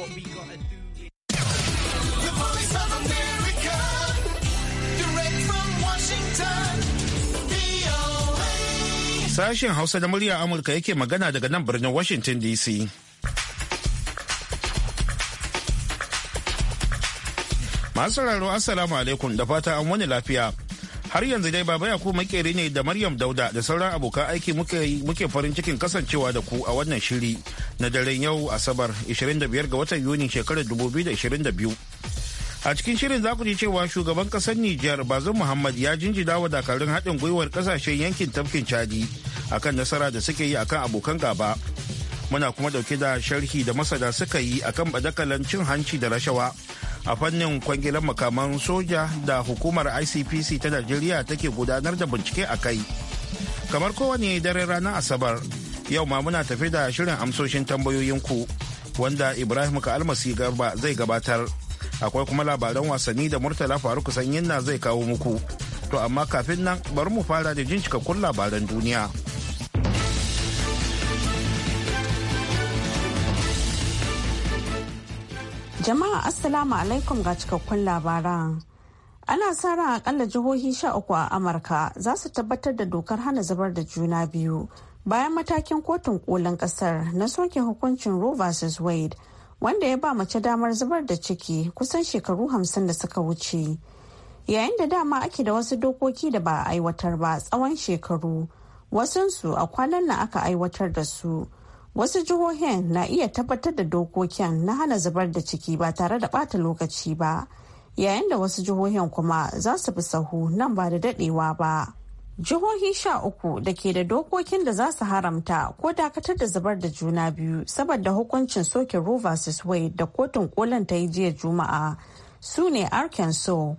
what we gotta do. Sashen Hausa na murya Amurka yake magana daga nan birnin Washington DC. Masu raro Assalamu alaikum da fata an wani lafiya. Har yanzu dai baba Yakubu makeri ne da Maryam Dauda da sauran abokan aiki muke farin cikin kasancewa da ku a wannan shiri na daren yau Asabar 25 ga watan Yuni shekarar 2022. A cikin shirin za ku ji cewa shugaban kasar Nijar bazin Muhammad ya jinjida wa dakarun haɗin gwiwar kasashen yankin tafkin Chadi akan nasara da suke yi akan abokan gaba. Muna kuma dauke da sharhi da masada suka yi akan badakalan cin hanci da rashawa a fannin kwangilan makaman soja da hukumar icpc ta najeriya take gudanar da bincike a kai kamar kowane daren ranar asabar yau ma muna tafi da shirin amsoshin tambayoyinku wanda ibrahim almasi garba zai gabatar akwai kuma labaran wasanni da murtala faruk sanyin na zai kawo muku to amma kafin nan bari mu fara da jin cikakkun labaran duniya Jama'a Assalamu alaikum ga cikakkun labaran. Ana sa ran akalla jihohi sha uku a Amurka za su tabbatar da dokar hana zubar da juna biyu bayan matakin kotun kolin kasar na soke hukuncin Roe vs Wade wanda ya ba mace damar zubar da ciki kusan shekaru hamsin da suka wuce. Yayin da dama ake da wasu dokoki da ba a aiwatar ba tsawon shekaru wasunsu a kwanan nan aka aiwatar da su. wasu jihohin na iya tabbatar da dokokin na hana zubar da ciki ba tare da bata lokaci ba yayin da wasu jihohin kuma za su bi sahu nan ba da dadewa ba jihohi sha uku da ke da dokokin da za su haramta ko dakatar da zubar da juna biyu saboda hukuncin soke roe vs wade da kotun kolin ta yi jiya juma'a su ne arkansas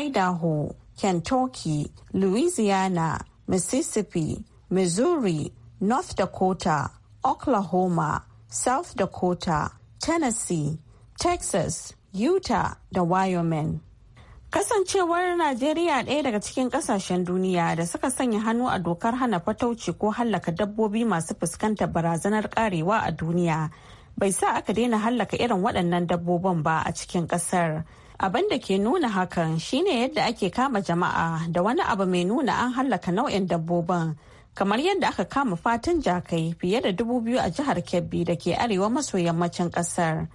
idaho kentucky louisiana mississippi missouri north dakota oklahoma south dakota tennessee texas utah da wyoming Kasancewar Najeriya ɗaya daga cikin ƙasashen duniya da suka sanya hannu a dokar hana fatauci ko hallaka dabbobi masu fuskantar barazanar ƙarewa a duniya bai sa aka daina hallaka irin waɗannan dabbobin ba a cikin ƙasar. Abin da ke nuna hakan shine yadda ake kama jama'a da wani abu mai nuna an hallaka nau'in dabbobin kamar yadda aka kama fatan jakai fiye da dubu biyu a jihar kebbi da ke arewa maso yammacin kasar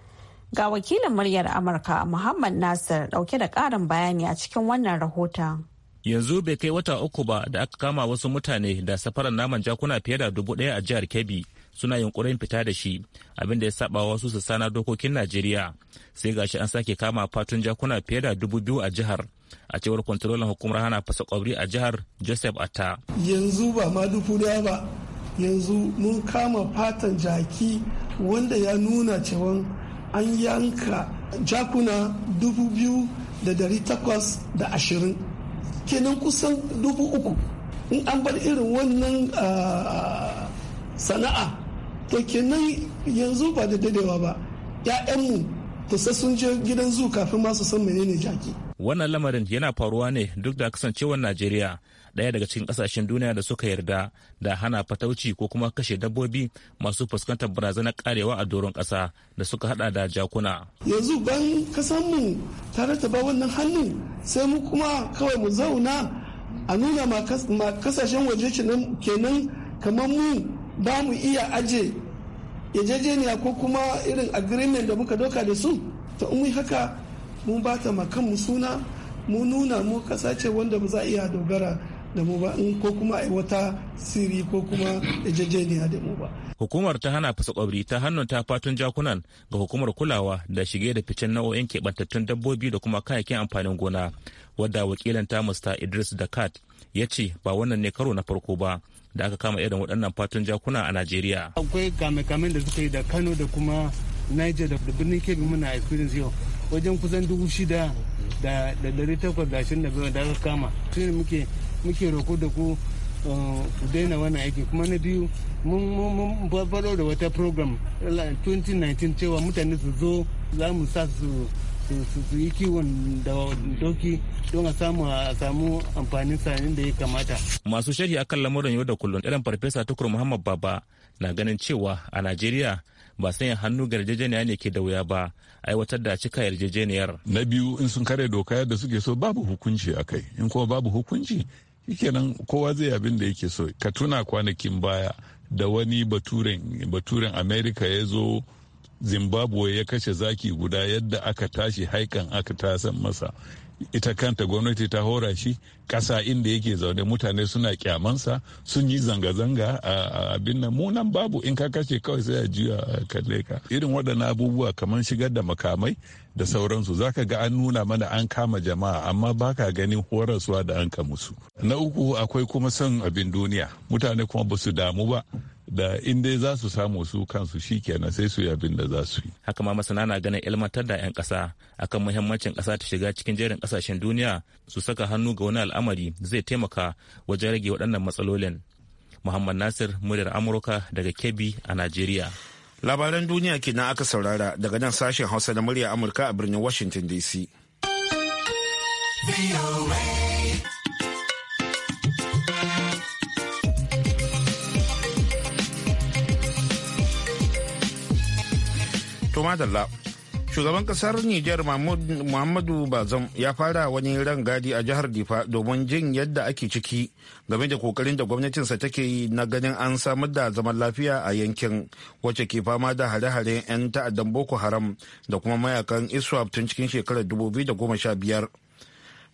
ga wakilin muryar amurka muhammad nasir dauke da karin bayani a cikin wannan rahoton yanzu bai kai wata uku ba da aka kama wasu mutane da safarar naman jakuna fiye da dubu ɗaya a jihar kebbi suna yunkurin fita da shi abin da ya saba wasu su na dokokin najeriya sai gashi an sake kama fatun jakuna fiye da dubu biyu a jihar a cewar kwantarolin hukumar hana fasa kwabri a jihar joseph atta yanzu ba ma dubu daya ba yanzu mun kama fatan jaki wanda ya nuna cewa an yanka jakuna dubu biyu da dari takwas da ashirin kenan kusan dubu uku in an bar irin wannan ah, sana'a to kenan yanzu ba da dadewa ba ‘ya'yanmu kusa sun je gidan zu kafin ma su san menene jaki. Wannan lamarin yana faruwa ne duk da kasancewar Najeriya ɗaya daga cikin ƙasashen duniya da suka yarda da hana fatauci ko kuma kashe dabbobi masu fuskantar barazanar karewa a doron ƙasa da suka hada da jakuna. Yanzu ban kasanmu tare ta ba wannan hannu sai mu kuma kawai mu zauna a nuna ma kasashen waje kenan kamar mu ba mu iya aje yajejeniya ko kuma irin agreement da muka doka da su ta umu haka mun ba ta makan mu suna mu nuna mu kasa ce wanda ba za a iya dogara da mu ba in ko kuma a wata siri ko kuma yajejeniya da mu ba. Hukumar ta hana fasa kwabri ta hannun ta fatun jakunan ga hukumar kulawa da shige da ficen nau'o'in keɓantattun dabbobi da kuma kayayyakin amfanin gona wadda wakilanta musta Idris Dakat ya ce ba wannan ne karo na farko ba da aka kama irin waɗannan fatan jakuna a najeriya akwai kame-kamen da suka yi da kano da kuma niger da birnin kebbi muna experience yau wajen kusan dubu shida da dari takwas da ashirin da biyar da aka kama shi ne muke muke roko da ku eh, ku daina wannan aiki kuma na biyu mun faɗo da wata program 2019 eh, cewa mutane su zo za mu sa su su yi kiwon da doki don a samu a samu amfanin sanin da ya kamata. Masu sharhi akan lamuran yau da kullum irin farfesa tukur Muhammad Baba na ganin cewa a Najeriya ba sanya hannu ga yarjejeniya ne ke da wuya ba aiwatar da cika yarjejeniyar. Na biyu in sun kare doka yadda suke so babu hukunci a kai in kuma babu hukunci shikenan kowa zai abin da yake so ka tuna kwanakin baya da wani baturen baturen Amerika ya zo zimbabwe ya kashe zaki guda yadda aka tashi haikan aka tasan masa ita kanta gwamnati ta hora shi ƙasa inda yake zaune mutane suna kyamansa sun yi zanga-zanga a abin nan munan babu in ka kashe kawai sai a juya kalle ka irin waɗannan abubuwa kamar shigar da makamai da sauransu zaka ga an nuna mana an kama jama'a amma baka ganin horaswa da an musu na uku akwai kuma son abin duniya mutane kuma ba su damu ba da in dai za su samu su kansu shi kenan sai su yi abin da za su yi. Haka ma masana na ganin ilmantar da 'yan ƙasa akan muhimmancin ƙasa ta shiga cikin jerin kasashen duniya su saka hannu ga wani al'amari zai taimaka wajen rage waɗannan matsalolin. Muhammad Nasir muryar Amurka daga Kebbi a Najeriya. Labaran duniya kenan aka saurara daga nan sashen Hausa na murya Amurka a birnin Washington DC. To madalla. Shugaban kasar Nijar Muhammadu Bazam ya fara wani ran gadi a jihar Difa domin jin yadda ake ciki game da kokarin da gwamnatinsa take yi na ganin an samar da zaman lafiya a yankin wacce ke fama da hare-haren 'yan ta'addan Boko Haram da kuma mayakan ISWAP tun cikin shekarar 2015.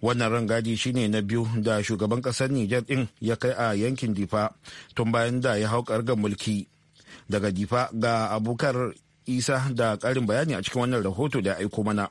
wannan ran gadi shine na biyu da shugaban kasar Nijar din ya kai a yankin Difa tun bayan da ya hau mulki. Daga Difa ga abokar isa da karin bayani a cikin wannan rahoto da ya aiko mana.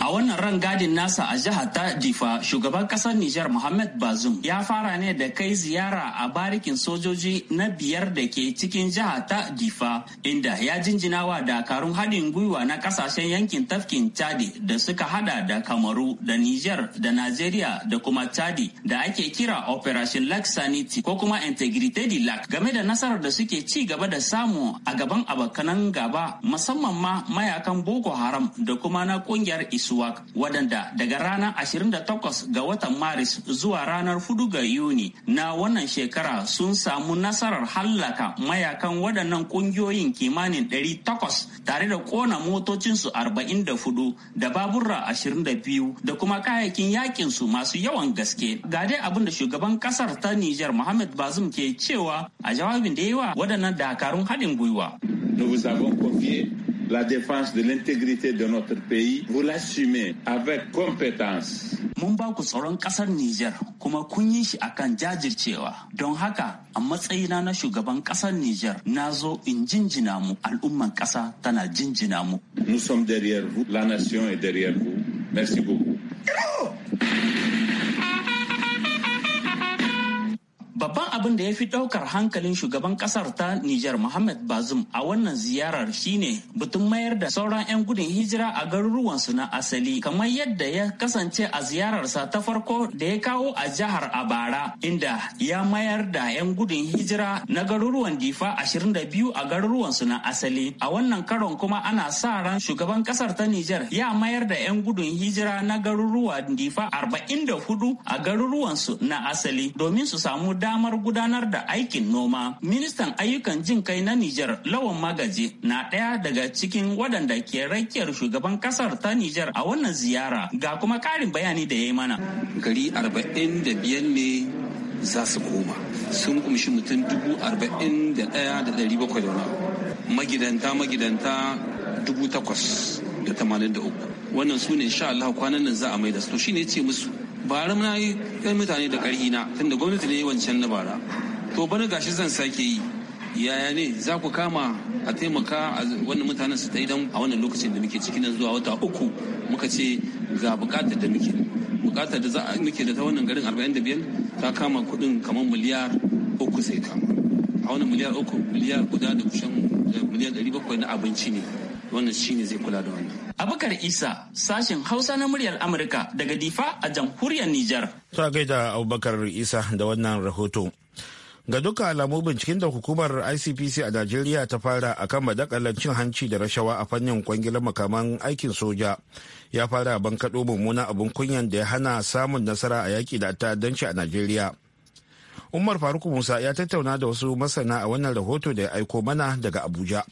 A wannan rangadin nasa a jihar ta Difa, shugaban kasar Nijar Muhammad Bazoum ya fara ne da kai ziyara a barikin sojoji na biyar da ke cikin jihar ta Difa, inda ya jinjinawa dakarun haɗin gwiwa na kasashen yankin tafkin Chadi da suka hada da Kamaru da Nijar da Najeriya da kuma Chadi da ake kira Operation Lack Sanity ko kuma Integrity di game da nasarar da suke ci gaba da samu a gaban abokanan gaba musamman ma mayakan Boko Haram da kuma na kungiyar Isu suwak waɗanda daga ranar 28 ga watan maris zuwa ranar 4 ga yuni na wannan shekara sun samu nasarar hallaka mayakan waɗannan ƙungiyoyin kimanin 800 tare da ƙona motocinsu 44 da baburra 22 da kuma kayayyakin yakinsu masu yawan gaske ga dai abin da shugaban ƙasar ta Nijar Mohamed bazum ke cewa a jawabin da yawa waɗannan dakarun haɗin gwiwa. la défense de l'intégrité de notre pays, vous l'assumez avec compétence. Mun ba ku Niger, ƙasar kuma kun yi shi akan jajircewa. Don haka a matsayina na shugaban kasar Niger, na zo in jinjina mu al'umman kasa tana jinjina mu. Nous sommes derrière vous, la nation est derrière vous. Merci beaucoup. Babban abin da ya fi ɗaukar hankalin shugaban ƙasar ta Nijar Muhammad Bazum a wannan ziyarar shine batun mayar da sauran 'yan gudun hijira a garuruwansu na asali kamar yadda ya kasance a ziyararsa ta farko da ya kawo a jihar Abara inda ya mayar da 'yan gudun hijira na garuruwan Difa 22 a garuruwansu na asali. A wannan karon kuma ana sa ran shugaban ƙasar ta Nijar ya mayar da 'yan gudun hijira na garuruwan Difa 44 a garuruwansu na asali domin su samu da damar gudanar da aikin noma. Ministan ayyukan jin kai na Nijar Lawan Magaji na ɗaya daga cikin waɗanda ke rakiyar shugaban ƙasar ta Nijar a wannan ziyara ga kuma ƙarin bayani da ya yi mana. Gari arba'in da biyar ne za su koma sun kumshi mutum dubu arba'in da ɗaya da ɗari bakwai da magidanta magidanta dubu takwas da tamanin da uku wannan su ne sha Allah kwanan nan za a mai da su to shine ce musu bara muna yi ɗan mutane da ƙarhi na tunda gwamnati ne wancan na bara to bana gashi zan sake yi yaya ne za ku kama a taimaka a wannan mutanen su ta idan a wannan lokacin da muke ciki yanzu zuwa wata uku muka ce ga bukatar da muke bukatar da za a muke da ta wannan garin 45 ta kama kuɗin kamar miliyar uku sai kama a wannan miliyar uku miliyar guda da kusan eh, miliyar 700 na abinci ne wannan shine zai kula da wannan Abubakar Isa sashen Hausa na muryar Amurka daga Difa a jamhuriyar Nijar. Ta gaida Abubakar Isa da wannan rahoto. Ga duka alamu binciken da hukumar ICPC a Najeriya ta fara a kan madakalar cin hanci da rashawa a fannin kwangilar makaman aikin soja ya fara ban kaɗo mummunan abin kunyan da ya hana samun nasara a yaƙi da ta'addanci a Najeriya. Umar Faruk Musa ya tattauna da wasu masana a wannan rahoto da ya aiko mana daga Abuja.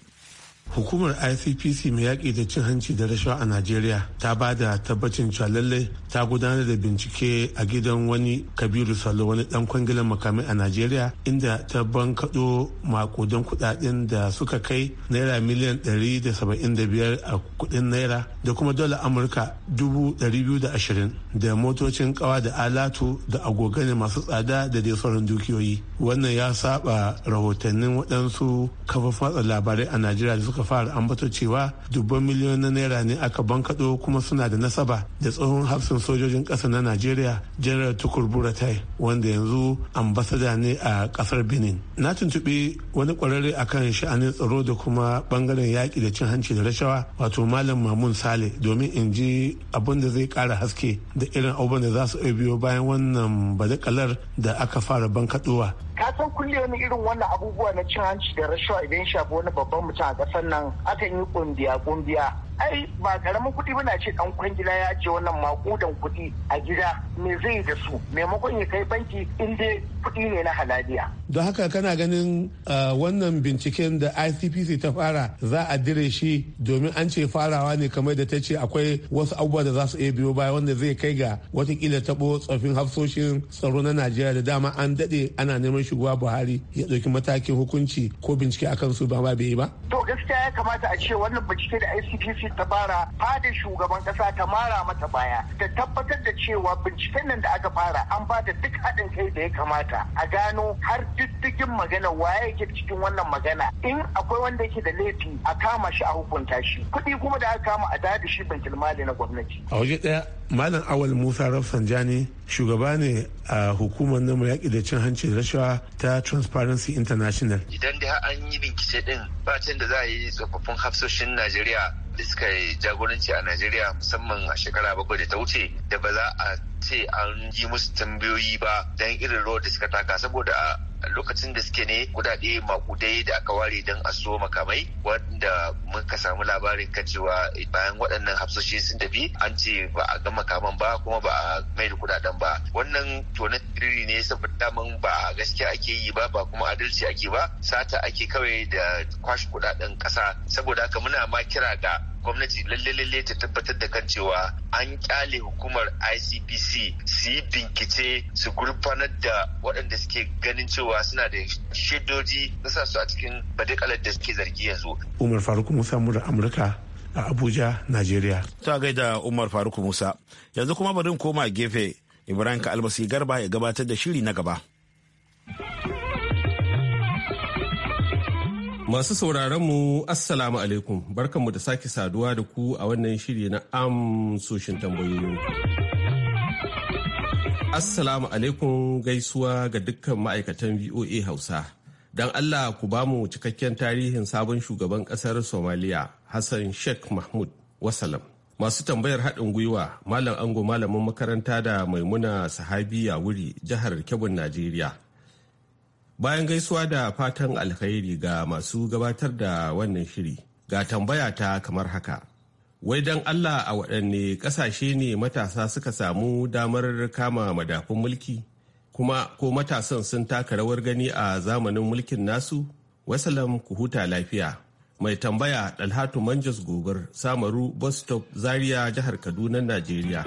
hukumar icpc mai yaƙi da cin hanci da rashawa a najeriya ta ba da tabbacin cewa lallai ta gudanar da bincike a gidan wani kabiru salo wani dan kwangilan makamai a najeriya inda ta bankaɗo makudan kudaden da suka kai naira miliyan 175 a kudin naira da kuma dala amurka 220 da motocin kawa da alatu da agogane masu tsada da dai sauran dukiyoyi wannan ya saba rahotannin waɗansu kafafen labarai a najeriya da suka suka fara ambato cewa dubban miliyoyin na naira ne aka bankaɗo kuma suna da nasaba da tsohon hafsin sojojin ƙasa na najeriya general tukur buratai wanda yanzu ambasada ne a ƙasar benin na tuntuɓi wani ƙwararre akan sha'anin tsaro da kuma ɓangaren yaƙi da cin hanci da rashawa wato malam mamun sale domin in ji abin da zai ƙara haske da irin abubuwan da za su biyo bayan wannan badakalar da aka fara bankaɗowa ka san kulle wani irin wannan abubuwa na cin hanci da rashawa idan shafi wani babban mutum a ƙasar nan akan yi kungiya kungiya ai ba karamin kuɗi ba na ce dan kwangila ya ce wannan makudan kuɗi a gida me zai yi da su maimakon ya kai banki in dai kuɗi ne na halaliya. Don haka kana ganin uh, wannan binciken da ICPC ta fara za a dire shi domin an ce farawa ne kamar da ta ce akwai wasu abubuwa da za su iya biyo baya wanda zai kai ga watakila taɓo tsoffin hafsoshin tsaro na Najeriya da dama an daɗe ana neman shugaba Buhari ya ɗauki matakin hukunci ko bincike akan su ba ma bai yi ba. To gaskiya ya kamata a ce wannan bincike da ICPC gwamnatin ta fara fadin shugaban kasa ta mara mata baya ta tabbatar da cewa binciken nan da aka fara an ba da duk haɗin kai da ya kamata a gano har diddigin magana waye yake cikin wannan magana in akwai wanda yake da laifi a kama shi a hukunta shi kuɗi kuma da aka kama a dadi shi bankin mali na gwamnati. a waje ɗaya malam awal musa rafsanjani shugaba ne a hukumar namu yaƙi da cin hanci da rashawa ta transparency international idan da an yi binkice din bacin da za a yi tsofaffin hafsoshin najeriya da suka yi jagoranci a najeriya musamman a shekara bakwai da ta wuce da ba za a ce an yi musu tambayoyi ba don irin rawar da suka taka saboda lokacin da suke ne kudade makudai da aka ware don a so makamai wanda muka samu labarin ka cewa bayan waɗannan hafsoshi sun tafi an ce ba a ga makaman ba kuma ba a mai da kudaden ba wannan tonan tiriri ne saboda daman ba gaskiya ake yi ba ba kuma adalci ake ba sata ake kawai da kwashe kudaden ƙasa saboda haka muna ma kira ga gwamnati lalle lalle ta tabbatar da kan cewa an kyale hukumar ICPC su yi bincike su gurfanar da waɗanda suke ganin cewa suna da shaidoji na su a cikin badekalar da suke zargi yanzu. Umar Faruk Musa Mura Amurka a Abuja, Najeriya. Ta gaida Umar Faruk Musa. Yanzu kuma bari koma gefe Ibrahim Ka Almasi Garba ya gabatar da shiri na gaba. Masu sauraron mu Assalamu alaikum barkanmu da sake saduwa da ku a wannan shiri na amsoshin tambayoyin. Assalamu alaikum gaisuwa ga dukkan ma'aikatan VOA Hausa. Don Allah ku ba mu cikakken tarihin sabon shugaban kasar Somaliya Hassan Sheikh Mahmud Wasalam. Masu tambayar haɗin gwiwa Malam Ango Malamin makaranta da Maimuna Sahabiya wuri jihar Kebbi Najeriya. bayan gaisuwa da fatan alkhairi ga masu gabatar da wannan shiri ga tambaya ta kamar haka wai don allah a waɗanne ƙasashe ne matasa suka samu damar kama madafun mulki kuma ko matasan sun taka rawar gani a zamanin mulkin nasu wasalam ku huta lafiya mai tambaya dalhatu manjas gobar samaru bus stop zaria jihar kaduna najeriya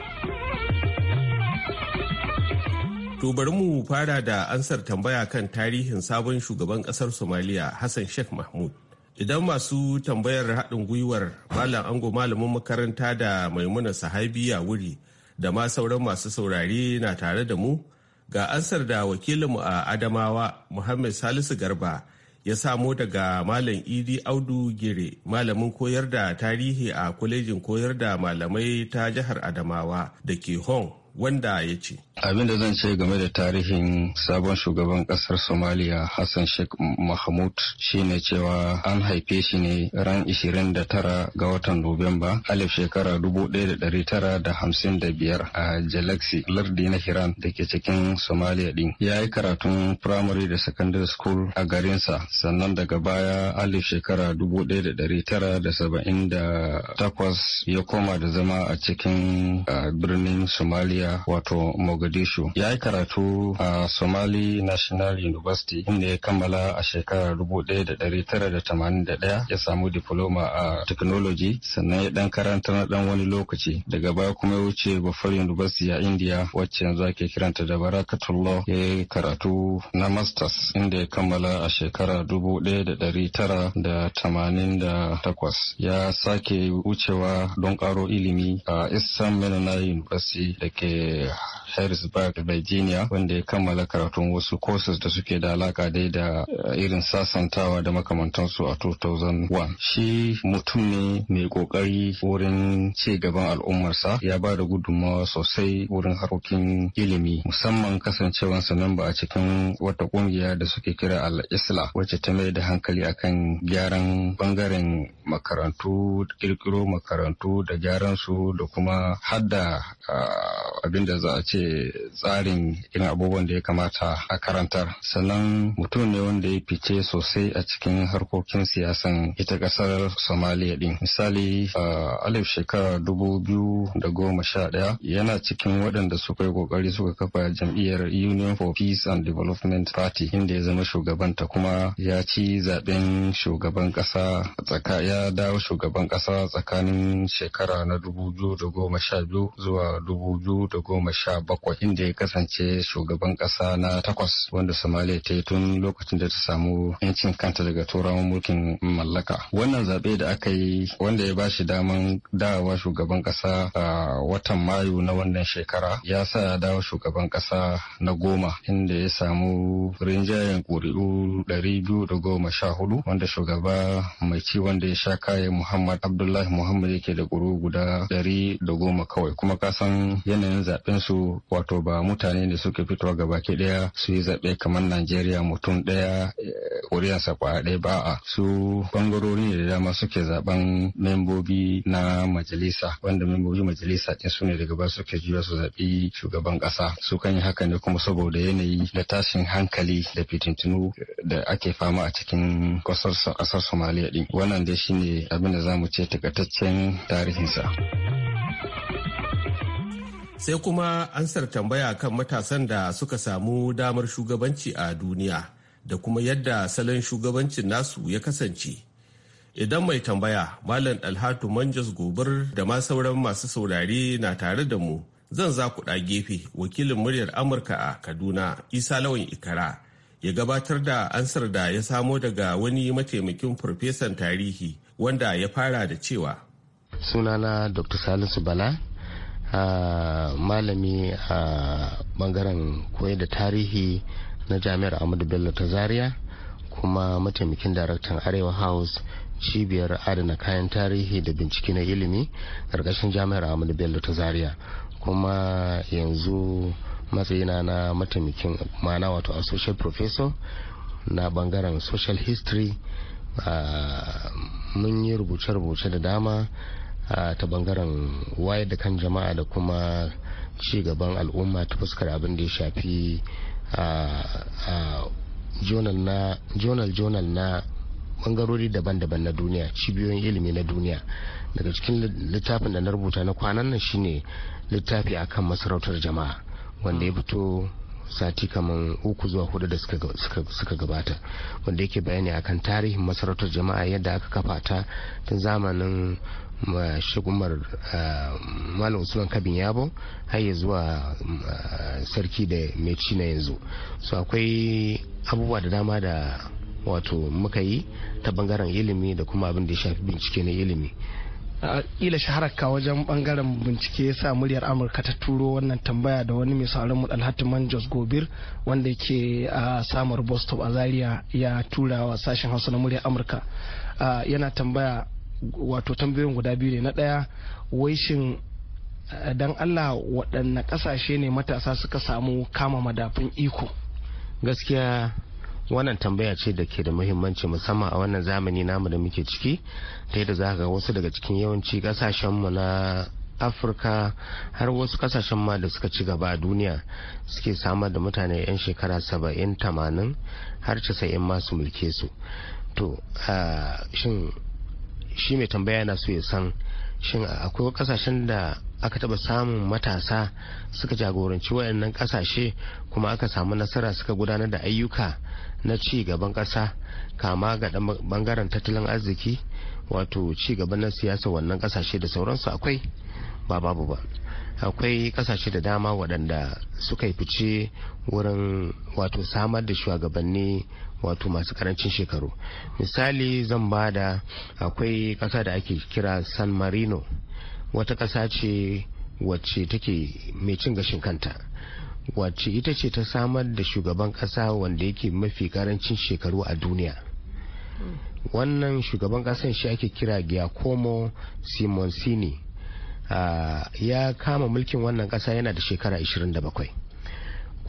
To bari mu fara da ansar tambaya kan tarihin sabon shugaban kasar Somaliya Hassan Sheikh Mahmud. Idan masu tambayar haɗin gwiwar Malam Ango malamin makaranta da Maimuna Sahabiya wuri da ma sauran masu saurari na tare da mu ga ansar da wakilinmu a Adamawa Muhammad Salisu Garba ya samo daga Malam Idi Audu Gire, malamin koyar da tarihi a kwalejin koyar da malamai ta jihar Adamawa da ke Hong, wanda ya ce. abin da zan ce game da tarihin sabon shugaban kasar somaliya hassan sheikh mahmud shine cewa an haife shi ne ran 29 ga watan nuwamba alif shekara 1955 a jalaxy lardi na hiran da ke cikin somaliya din ya yi karatun primary da secondary school a garinsa sannan daga baya alif shekara 1978 ya koma da zama a cikin birnin somaliya wato mogadishu Mogadishu ya yi karatu a Somali National University inda ya kammala a shekarar 1981 ya samu diploma a technology sannan ya dan karanta na dan wani lokaci daga baya kuma ya wuce Buffalo University a India wacce yanzu ake kiranta da Barakatullah ya yi karatu na masters inda ya kammala a shekarar 1988 ya sake wucewa don karo ilimi a Eastern Menonai University da ke Harrisburg, Virginia, wanda ya kammala karatun wasu courses da suke da alaka dai da eh, irin sasantawa da makamantansu a 2001. Shi mutum ne mai kokari wurin ci gaban al'ummarsa ya ba da gudunmawa sosai wurin harkokin ilimi musamman kasancewansa memba a cikin wata kungiya da suke kira al-isla wacce ta mai da hankali akan gyaran bangaren makarantu kirkiro makarantu da gyaran su da kuma hadda ah, abin da za a ce tsarin irin abubuwan da ya kamata a karantar sannan mutum ne wanda ya fice sosai a cikin harkokin siyasan ita kasar somaliya din misali a alif shekara dubu biyu da goma sha ɗaya yana cikin waɗanda suka yi kokari suka kafa jam'iyyar union for peace and development party inda ya zama shugabanta kuma ya ci zaben shugaban ƙasa tsaka ya dawo shugaban ƙasa tsakanin shekara na dubu biyu da goma sha biyu zuwa dubu biyu da goma sha bakwai inda ya kasance shugaban ƙasa na takwas wanda Somalia ta yi tun lokacin da ta samu 'yancin kanta daga turawan mulkin mallaka. Wannan zaɓe da aka yi wanda ya bashi daman dawowa shugaban ƙasa a watan Mayu na wannan shekara ya sa ya dawo shugaban ƙasa na goma inda ya samu rinjayen ƙuri'u ɗari biyu da goma sha hudu wanda shugaba mai ci wanda ya sha kaya Muhammad Abdullahi Muhammad yake da ƙuri'u guda ɗari da goma kawai kuma kasan yanayin zaɓen su wato ba mutane ne suke fitowa gaba ke daya su yi zaɓe kamar Najeriya mutum daya eh, ƙuri'arsa kwa ɗaya ba a su bangarori da dama suke zaben membobi na majalisa wanda membobi majalisa ɗin su ne daga ba suke juya su zaɓi shugaban ƙasa su kan yi haka ne kuma saboda yanayi da tashin hankali da fitintunu eh, da ake fama a cikin ƙasar Somaliya ɗin wannan dai shine abin da zamu mu ce takaitaccen tarihinsa. sai kuma ansar tambaya kan matasan da suka samu damar shugabanci a duniya da kuma yadda salon shugabancin nasu ya kasance idan mai tambaya malam alhatu manjas gobir da ma sauran masu saurare na tare da mu zan za ku gefe wakilin muryar amurka a kaduna isa lawan ikara ya gabatar da ansar da ya samo daga wani mataimakin farfesan tarihi wanda ya fara da cewa sunana dr salisu bala malami a bangaren koyar da tarihi na jami'ar amadu bello ta zaria kuma mataimakin daraktan arewa house cibiyar adana kayan tarihi da bincike na ilimi ƙarƙashin jami'ar amadu bello ta zaria kuma yanzu matsayina na mataimakin mana wato associate professor na bangaren social history mun yi rubuce-rubuce da dama ta bangaren wayar da kan jama'a da kuma ci gaban al'umma ta fuskar abin da ya shafi journal journal na bangarori daban-daban na duniya cibiyoyin ilimi na duniya daga cikin littafin da na rubuta na kwanan nan shine littafi akan masarautar jama'a wanda ya fito sati kamar uku zuwa hudu da suka gabata wanda yake bayani akan tarihin masarautar jama'a yadda aka kafa ta tun zamanin shagumar eh, malam usman kabin yabo har ya zuwa eh, sarki da mai ci na yanzu so akwai abubuwa da dama da wato muka yi ta bangaren ilimi da kuma abin da ya shafi bincike na ilimi kila ka wajen bangaren bincike ya sa muryar amurka ta turo wannan tambaya da wani mai sauran mu jos gobir wanda ke a samar boston a zaria ya tura wa sashen hausa na muryar amurka yana tambaya wato tambayoyin guda biyu ne na ɗaya wai shin eh, dan Allah waɗanne kasashe ne matasa suka samu kama madafin iko gaskiya wannan tambaya ce da ke da muhimmanci musamman a wannan zamani namu da muke ciki ta yadda za ga wasu daga cikin yawanci kasashenmu na afirka har wasu kasashen ma da suka ci gaba a duniya suke samar da mutane 'yan shekara 70 80 har 90 masu mulke su to ah, shin shi mai tambaya na so ya san shin akwai kasashen da aka taba samun matasa suka jagoranci wayannan kasashe kuma aka samu nasara suka gudanar da ayyuka na ci gaban kasa kama ga bangaren tattalin arziki wato ci gaban na siyasa wannan kasashe da sauransu akwai ba babu ba akwai ƙasashe da dama waɗanda suka yi fice wurin wato samar da shugabanni wato masu karancin shekaru misali zan ba da akwai ƙasa da ake kira san marino wata ƙasa ce wacce take mai cin gashin kanta wacce ita ce ta samar da shugaban ƙasa wanda yake mafi karancin shekaru a duniya wannan shugaban ƙasan shi ake kira giacomo simonsini ah, ya kama mulkin wannan ƙasa yana da shekara 27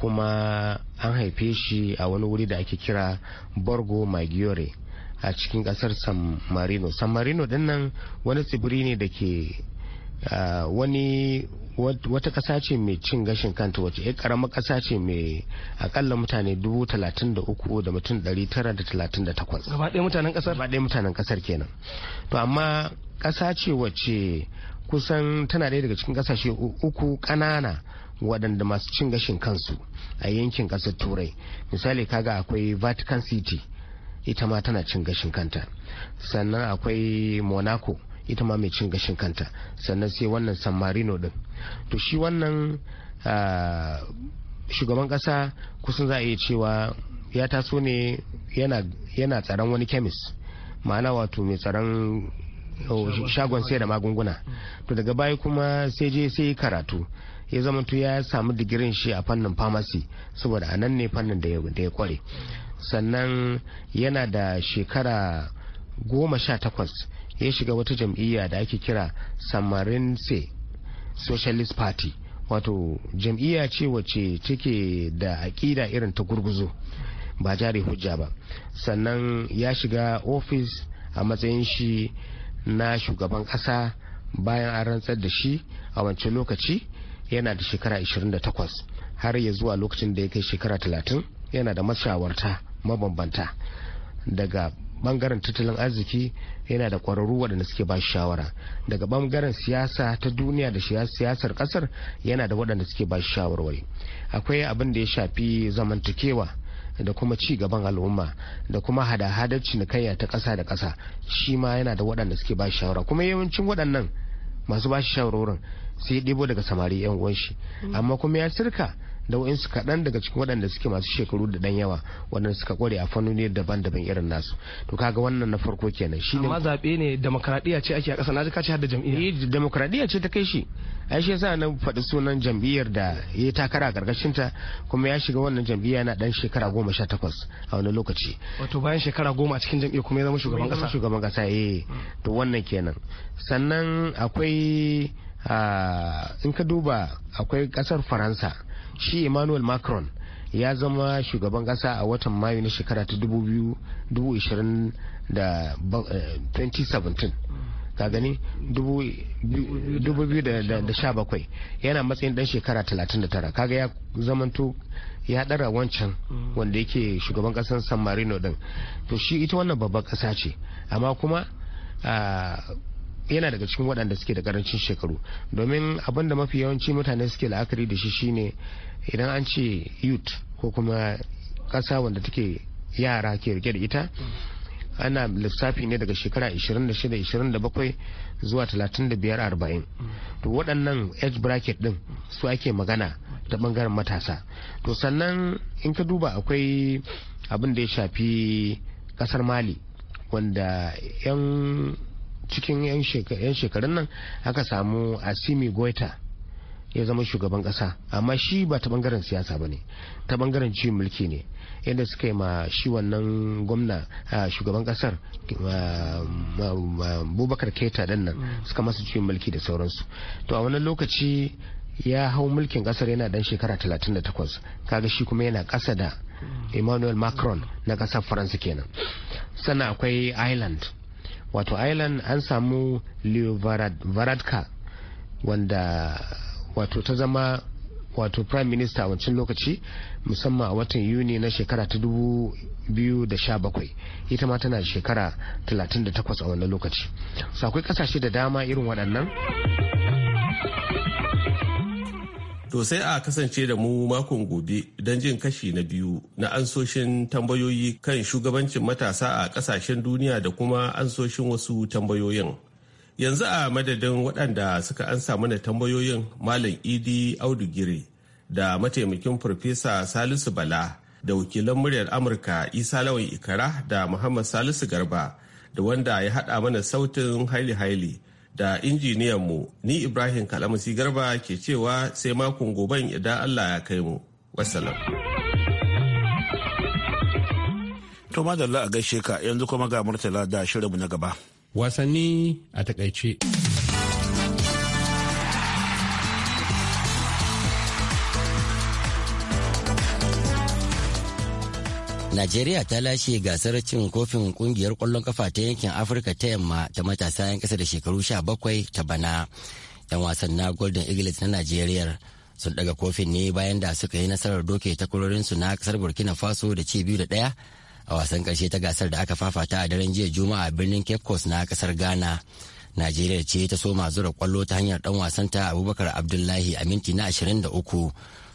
kuma an haife shi a wani wuri da ake kira borgo maggiore a cikin kasar san marino san marino din nan wani tsibiri ne da ke wani wata kasa ce mai cin gashin kanta wacce ya karama kasa ce mai akalla mutane 33 da mutum 938 gaba daya mutanen kasar gaba daya mutanen kasar kenan to amma kasa ce wacce kusan tana daya daga cikin kasashe uku kanana. waɗanda masu cin gashin kansu a yankin ƙasar turai misali kaga akwai vatican city ita ma tana cin gashin kanta sannan akwai monaco ita ma mai cin gashin kanta sannan sai wannan san marino din to shi wannan shugaban ƙasa kusan za a iya cewa ya taso ne yana tsaron wani kemis ma'ana wato mai tsaron shagon sai da magunguna mm. to daga baya kuma sai je sai karatu ya zama zamanto ya samu digirin shi a fannin pharmacy saboda a nan ne fannin da ya kware sannan yana da shekara goma sha takwas ya shiga wata jam'iyya da ake kira samarinse socialist party wato jam'iyya ce wacce take da aƙida irin ta gurguzo ba jari hujja ba sannan ya shiga ofis a matsayin shi na shugaban kasa bayan an rantsar da shi a wancan lokaci yana da shekara 28 har ya zuwa lokacin da ya kai shekara 30 yana da mashawarta mabambanta daga bangaren tattalin arziki yana da kwararru waɗanda suke ba shawara daga bangaren siyasa ta duniya da siyasar ƙasar yana da waɗanda suke ba shawarwari akwai abin da ya shafi zamantakewa da kuma ci gaban al'umma da kuma hada-hadar cinikayya ta ƙasa da ƙasa shi ma yana da waɗanda suke ba shi shawara kuma yawancin waɗannan masu ba shi shawarorin sai ɗebo daga samari yan uwan shi mm. amma kuma ya sirka da wa'insu kaɗan daga cikin waɗanda suke masu shekaru da ɗan yawa waɗanda suka kware a fannoni daban-daban irin nasu to kaga wannan na farko kenan shi ne amma zaɓe ne demokradiyya ce ake a ƙasa na ji ka ce har da jam'iyya eh demokradiyya ce ta kai shi ai shi yasa na faɗi sunan jam'iyyar da ya takara a ƙarƙashin ta kuma ya shiga wannan jam'iyya na ɗan shekara goma sha takwas a wani lokaci wato bayan shekara goma a cikin jam'iyya kuma ya zama shugaban ƙasa shugaban ƙasa eh to wannan kenan sannan akwai ah, in ka duba akwai ƙasar faransa shi emmanuel macron ya zama shugaban kasa a watan mayu na shekara ta 2017 eh, ka gani 2017 yana matsayin dan shekara 39 kaga ya zamanto ya dara wancan wanda yake shugaban kasan san marino din to shi ita wannan babban kasa ce amma kuma ah, yana daga cikin waɗanda suke da karancin shekaru domin abin da mafi yawanci mutane suke la'akari da shi shine idan an ce youth ko kuma ƙasa wanda take yara ke rike da ita ana lissafi ne daga shekara 26-27 zuwa 35-40 to waɗannan age bracket ɗin su ake magana ta ɓangaren matasa to sannan in ka duba akwai abin da ya shafi ƙasar mali wanda 'yan cikin 'yan shekarun nan aka samu asimi goita ya zama shugaban kasa amma shi ba ta bangaren siyasa ba ne ta bangaren ci mulki ne yadda suka yi ma shi wannan gwamna shugaban kasar bubakar keta dan nan mm. suka masa ci mulki da sauransu to a wani lokaci ya hau mulkin kasar yana dan shekara 38 kaga shi kuma yana kasa da mm. emmanuel macron na kasar faransa kenan sannan akwai island. wato ireland an samu leo varadka wanda wato ta zama wato prime minister a wancan lokaci musamman a watan yuni na shekara ta da bakwai ita ma tana shekara talatin da takwas a wannan lokaci sakwai akwai kasashe da dama irin waɗannan To sai a kasance da mu makon gobe don jin kashi na biyu na ansoshin tambayoyi kan shugabancin matasa a kasashen duniya da kuma ansoshin wasu tambayoyin. Yanzu a madadin waɗanda suka ansa mana tambayoyin Malam Idi Audu Gire da mataimakin Farfesa Salisu Bala da wakilan muryar Amurka Isa Lawan Ikara da Muhammad Salisu Garba da wanda ya haɗa mana sautin haili da injiniyan mu ni Ibrahim Kalamasi Garba ke cewa sai makon goben idan Allah ya kai mu. Wassalam. To madalla a gaishe ka yanzu kuma ga murtala da shirinmu na gaba. Wasanni a takaice. Najeriya ta lashe gasar cin kofin kungiyar kwallon kafa ta yankin Afirka ta yamma ta matasa 'yan kasa da shekaru sha bakwai ta bana. 'Yan wasan na Golden Eagles na Najeriya sun daga kofin ne bayan da suka yi nasarar doke takwarorinsu na kasar Burkina Faso da ci biyu da ɗaya a wasan karshe ta gasar da aka fafata a daren jiya Juma'a birnin Cape Coast na kasar Ghana. Najeriya ce ta soma zura kwallo ta hanyar dan wasanta Abubakar Abdullahi a minti na uku.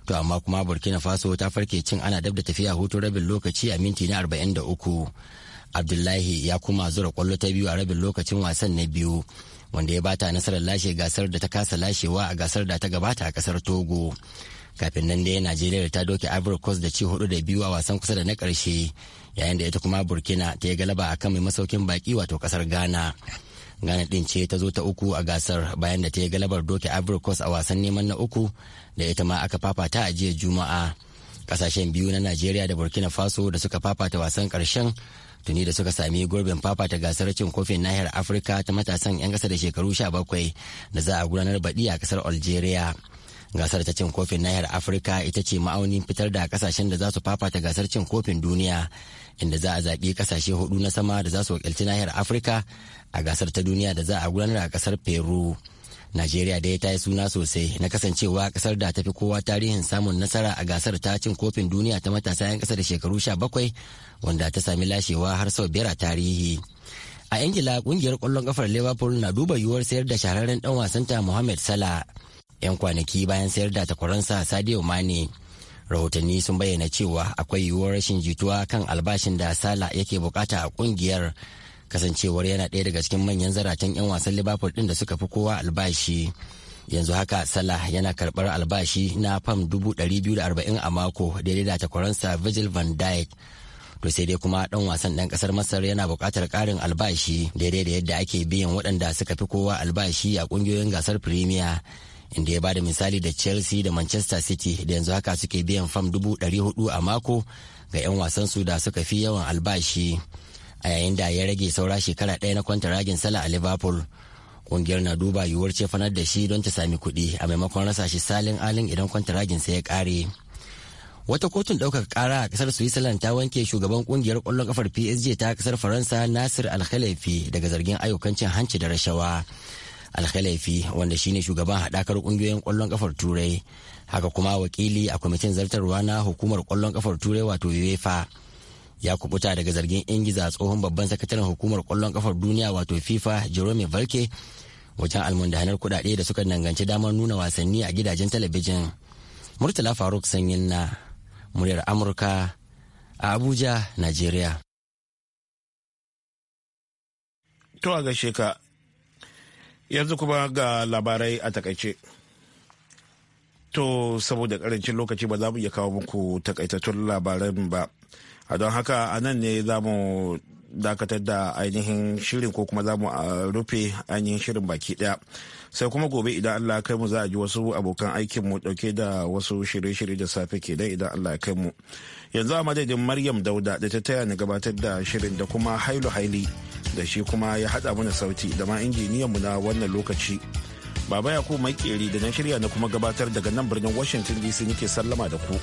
to amma kuma burkina faso ta farke cin ana dab da tafiya hutun rabin lokaci a minti na arba'in da uku abdullahi ya kuma zura kwallo ta biyu a rabin lokacin wasan na biyu wanda ya bata nasarar lashe gasar da ta kasa lashewa a gasar da ta gabata a kasar togo kafin nan dai najeriya ta doke ivory coast da ci hudu da biyu a wasan kusa da na karshe yayin da ita kuma burkina ta yi galaba a kan mai masaukin baki wato kasar ghana Ghana din ce ta zo ta uku a gasar bayan da ta yi galabar doki Ivory Coast a wasan neman na uku da ita ma aka fafata a jiya Juma'a. Kasashen biyu na nigeria da Burkina Faso da suka fafata wasan karshen tuni da suka sami gurbin fafata gasar cin kofin nahiyar Afirka ta matasan 'yan kasa da shekaru sha bakwai da za a gudanar baɗi a kasar Algeria. gasar ta cin kofin nahiyar afirka ita ce ma'aunin fitar da kasashen da za su fafata gasar cin kofin duniya inda za a zaɓi kasashe hudu na sama da za su wakilci nahiyar afirka a gasar ta duniya da za a gudanar a kasar peru najeriya dai ta yi suna sosai na kasancewa kasar da ta fi kowa tarihin samun nasara a gasar ta cin kofin duniya ta matasa 'yan kasa da shekaru sha bakwai wanda ta sami lashewa har sau biyar a tarihi a ingila kungiyar kwallon kafar liverpool na duba yiwuwar sayar da shahararren dan wasanta mohamed salah 'yan kwanaki bayan sayar da takwaransa sadio mane rahotanni sun bayyana cewa akwai yiwuwar rashin jituwa kan albashin da sala yake bukata a kungiyar kasancewar yana ɗaya daga cikin manyan zaratan 'yan wasan liverpool ɗin da suka fi kowa albashi yanzu haka salah yana karɓar albashi na fam 240 a mako daidai da takwaransa virgil van dijk to sai dai kuma ɗan wasan ɗan ƙasar masar yana buƙatar ƙarin albashi daidai da yadda ake biyan waɗanda suka fi kowa albashi a ƙungiyoyin gasar premier inda ya bada misali da chelsea da manchester city da yanzu haka suke biyan fam 400 a mako ga 'yan wasansu da suka fi yawan albashi. a yayin da ya rage saura shekara ɗaya na kwantaragin sala a liverpool ƙungiyar na duba yiwuwar ce fanar da shi don ta sami kuɗi a maimakon rasa shi salin alin idan kwantaragin sa ya ƙare wata kotun ɗaukar ƙara a ƙasar switzerland ta wanke shugaban ƙungiyar ƙwallon ƙafar psg ta ƙasar faransa nasir alkhalifi daga zargin ayyukan cin hanci da rashawa alkhalifi wanda shine shugaban haɗakar ƙungiyoyin ƙwallon ƙafar turai haka kuma wakili a kwamitin zartarwa na hukumar ƙwallon ƙafar turai wato uefa ya kubuta daga zargin ingiza tsohon babban sakataren hukumar kwallon kafar duniya wato fifa jerome valke wajen almundanar kudade da suka danganci damar nuna wasanni a gidajen talabijin murtala faruk sanyin na muryar amurka a abuja nigeria to a ka yanzu kuma ga labarai a takaice to saboda karancin lokaci ba za mu iya kawo muku takaitattun labaran ba a don haka a nan ne za mu dakatar da ainihin shirin ko kuma za mu rufe ainihin shirin baki daya sai kuma gobe idan allah kai mu za a ji wasu abokan aikin mu dauke da wasu shirye-shirye da safe ke dai idan allah kai mu yanzu a madadin maryam dauda da ta taya ni gabatar da shirin da kuma hailu haili da shi kuma ya hada mana sauti da ma injiniyan mu na wannan lokaci baba yakubu makeri da na shirya na kuma gabatar daga nan birnin washington dc nake sallama da ku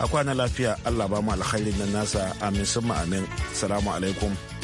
a kwana lafiya allah ba mu alkhairin nan nasa amin sun amin salamu alaikum